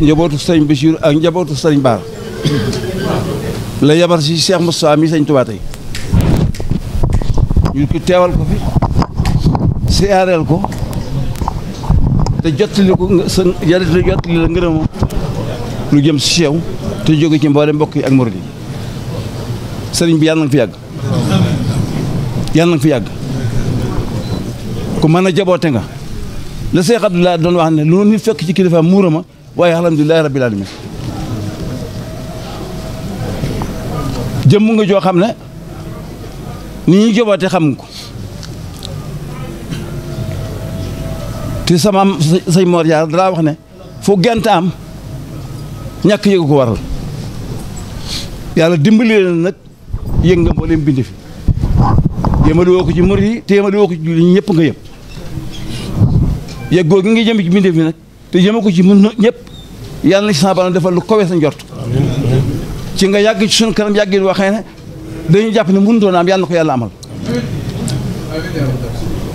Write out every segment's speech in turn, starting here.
njabootu sëriñ Bachir ak njabootu sëriñ Baar la yabar si Cheikh Moustapha mi sëriñ Tuubaa tey ñu ko teewal ko fi siyaareel ko te jottali ko sa jarite jottali la ngërëm lu jëm si sew te jóge ci mboolem mbokk yi ak murid yi sëriñ bi yàlla fi yàgg yàlla fi yàgg ku mën a jaboote nga la Cheikh laa doon wax ne lu nit fekk ci kilifa muurama waaye alhamdulilahi rabbil alamin jëmm nga joo xam ne ni ñuy jobate xam ko te sama sëñ Mor wax ne fu gent am ñàkk yëgu ko waral yàlla dimbali leen nag yëg nga mbooleem bind fi yémali woo ko ci mur yi te yémali woo ko ci julli ñëpp nga yëpp yëg googu nga jëm ci bind fi nag te jëme ko ci mën ñëpp yàlla na ci sa borom defal lu kowee sa njort ci nga yàgg ci suñu kanam yàggin waxee ne dañu jàpp ne mënutoon am yàlla ko yàlla amal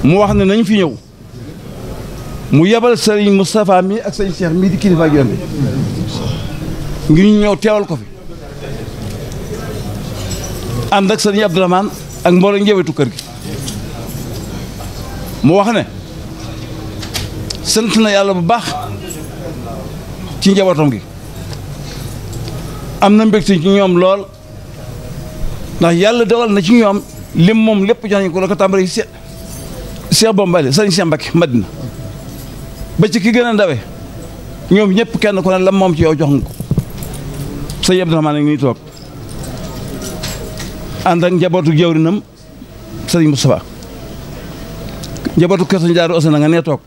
mu wax ne nañ fi ñëw mu yebal sëriñ Moustapha mi ak sëriñ Cheikh mii di kilifa ak yoon bi ngir ñu ñëw teewal ko fi ànd ak sëriñ Abdourahmane ak mbooloo njëwetu kër gi mu wax ne sant na yàlla bu baax ci njabootam gi am na mbégte ci ñoom lool ndax yàlla dawal na ci ñoom lim moom lépp jox nañ ko la ko tàmbalee Seex Seex Bombale Sëriñ Seex Mbakke Madina ba ki gën a ndawe ñoom ñëpp kenn ku ne la moom ci yow jox nga ko sëñ Abdourahmane ngi nii toog ànd ak njabootu jawrinam Sëriñ Moustapha njabootu kër Sëriñ Daaru Osé na nga nee toog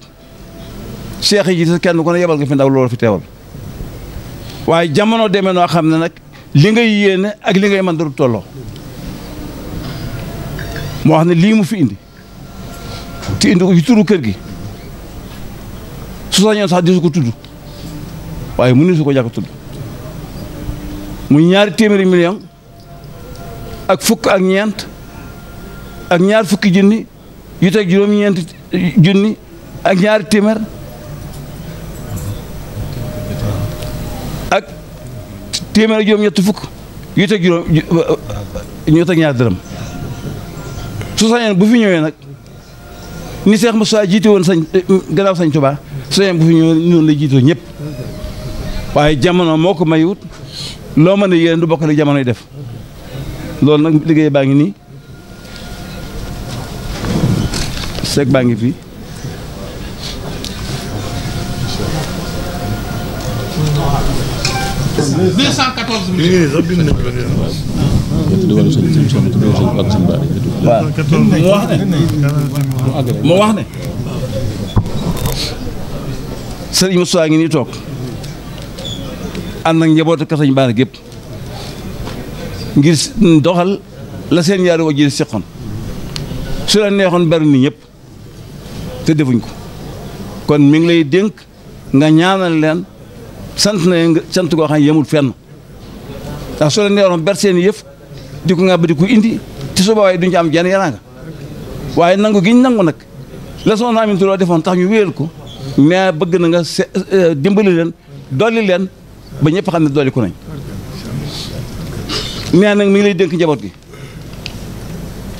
seex yi ci kenn ku ne yebal nga fi ndaw loolu fi teewal waaye jamono deme noo xam ne nag li ngay yéene ak li ngay man dara tolloo moo xam ne lii mu fi indi te indi ko ci turu kër gi su sañoon sax di su ko tudd waaye mu ni su ko jàkk tudd mu ñaari téeméeri million ak fukk ak ñeent ak ñaar fukki junni yu teg juróom-ñeent junni ak ñaari téeméer téeméer ak juróom-ñetti fukk yu teg juróom ñu ñaar dërëm su sañoon bu fi ñëwee nag ni Seex Musaa jiite woon sañ eh, gannaaw sañ Tuubaa su sañoon bu fi ñëwee noonu la jiitoo ñëpp waaye jamono moo ko mayut loo mën a yenn du bokkale jamono yi def loolu nag liggéey baa ngi nii seeg baa ngi fi 214 millions. moo wax ne. sëriñ Moussa ngi nii toog ànd ak njabootu Kër Sëñ Bara gépp ngir doxal la seen ñaari wajur seqoon su la neexoon bari ni ñëpp te defuñ ko kon mi ngi lay dénk nga ñaanal leen. sant na nañ sant goo xam ne yemul fenn ndax soo leen yoroon ber seen yëf di ko ŋàbb di ko indi te su boobaa duñ ci am jenn yaraanga waaye nangu giñ nangu nag la soxna Aminata Lo defoon tax ñu wéyal ko mais bëgg na nga eh, dimbale leen dolli leen ba ñëpp xam ne dolli ko nañ nee nag mi ngi lay dénk njaboot gi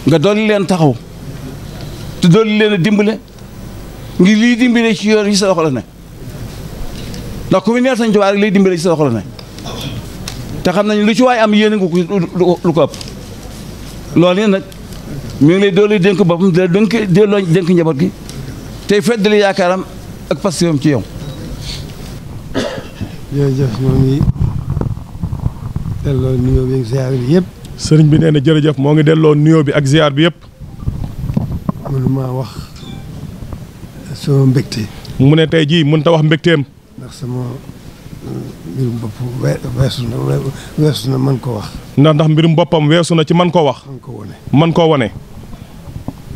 nga dolli leen taxaw te dolli leen a dimbale ngir lii dimbale ci yoon yi sa loxo la ne ndax ku fi neel Sëñ Tuubaa rek lay dimbale ci sa ne te xam nañ lu ci waay am yéene nga ko lu ko ëpp loolu ne nag mi ngi lay doolu dénk boppam di dénk di njaboot gi tey feddali yaakaaram ak pastéefam ci yow jërëjëf ñoo ngi delloo nuyoo bi yëpp sëriñ bi nee na jërëjëf moo ngi delloo nuyoo bi ak ziar bi yëpp mënu maa wax sama mbégte mu ne tey jii mën ta wax mbégteem ndax sama euh, mbirum bopp weesu na weesu na man koo wax. ndax ndax mbirum boppam weesu na ci man koo wax. mën koo wone mën koo wane.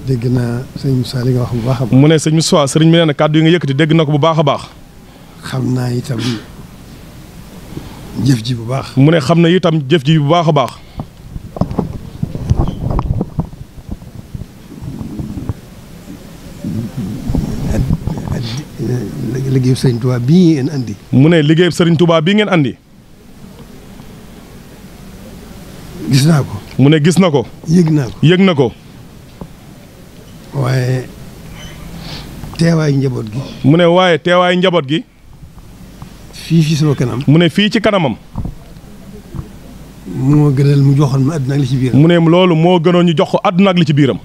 dégg naa sëñ Moussa li nga wax bu baax a baax. mu ne sëñ Moussa sëriñ mi nee na kàddu yi nga yëkkati dégg na ko bu baax a baax. xam naa itam jëf ji bu baax. mu ne xam na itam jëf ji bu baax baax. liggéeyu sëriñ Touba bii ngeen andi. mu ne liggéeyu sëriñ Touba bii ngeen andi. gis naa ko. mu ne gis na ko. yëg naa ko na ko. waaye teewaayu njaboot gi. mu ne waaye teewaayu njaboot gi. fii fii sama kanam. mu ne fii ci kanamam. moo gënal mu joxoon ma àdduna ak li ci mu ne loolu moo gënoon ñu jox ko àdduna ak li ci biiram.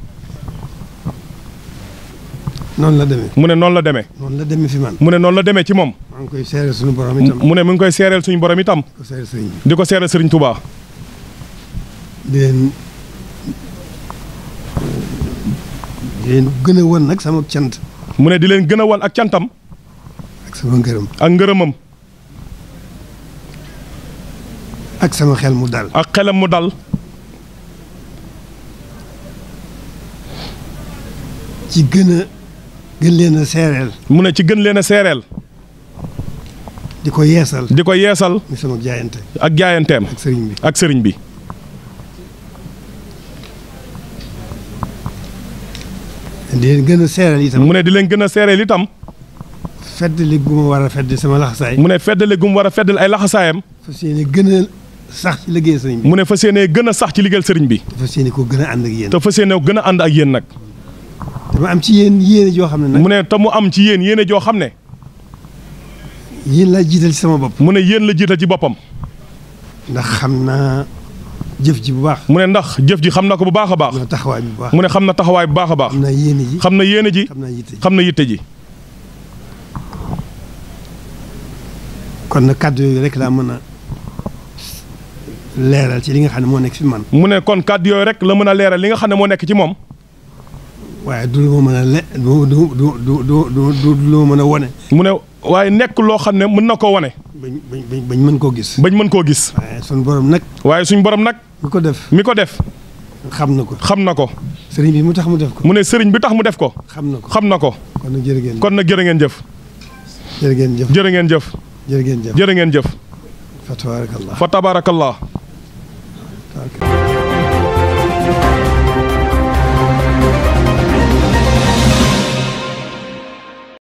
noonu la demee mu ne noonu la demee. noonu la demee fi man. mu ne noonu la demee ci moom. maa ngi koy seereel suñu borom itam. mu ne mu ngi koy seereel suñu borom itam. di ko seereel Serigne Touba. di leen di leen gën a wan nag sama cant. mu ne di leen gën a wan ak cantam. ak sama ngërëm. ak ngërëmam. ak sama xel mu dal. ak xelam mu dal. ci gën a. gën leen a seereel. mu ne ci gën leen a seereel. di ko yeesal di ko yeesal. muy jaayante. ak jaayanteem ak sëriñ bi ak sëriñ bi. di gën a seereel itam. mu ne di leen gën a seereel itam. feddali gu war a feddali sama laxasaay. mu ne feddali gu war a feddali ay laxasaayam. fas gën a sax ci mu ne fas yéene gën a sax ci liggéeyal sëriñ bi. te fas yéene ko gën a ànd ak yéen. te fas gën a ànd ak yéen nag. dama am ci yéen yéene xam ne nag. mu ne te mu am ci yéen yéene joo xam ne. yéen laa jiital ci sama bopp. mu ne yéen la jiital ci boppam. ndax xam naa jëf ji bu baax. mu ne ndax jëf ji xam na ko bu baax a baax. taxawaay bu baax mu ne xam na taxawaay bu baax a baax. xam na yéene ji xam na yéene ji. xam na yitte ji kon nag kàddu yooyu rek laa mën a leeral ci li nga xam ne moo nekk fi man mu ne kon kàddu rek la mën a leeral li nga xam ne moo nekk ci moom. waaye du lu ma mën a le du du du du du lu ma mën a wone. mu ne waaye nekk loo xam ne mën na koo wone. bañ bañ bañ mën koo gis. bañ mën koo gis. waaye suñ borom nag. waaye suñ borom nag. mi ko def mi ko def. xam na ko xam na ko. sëriñ bi mu tax mu def ko. mu ne sëriñ bi tax mu def ko. xam na ko xam na ko. kon nag jërë ngeen jëf kon nag jërë ngeen jëf. jërë ngeen jëf jërë ngeen jëf. jërë ngeen jëf jërë ngeen jëf. fa tabaarakallah fa tabaarakallah.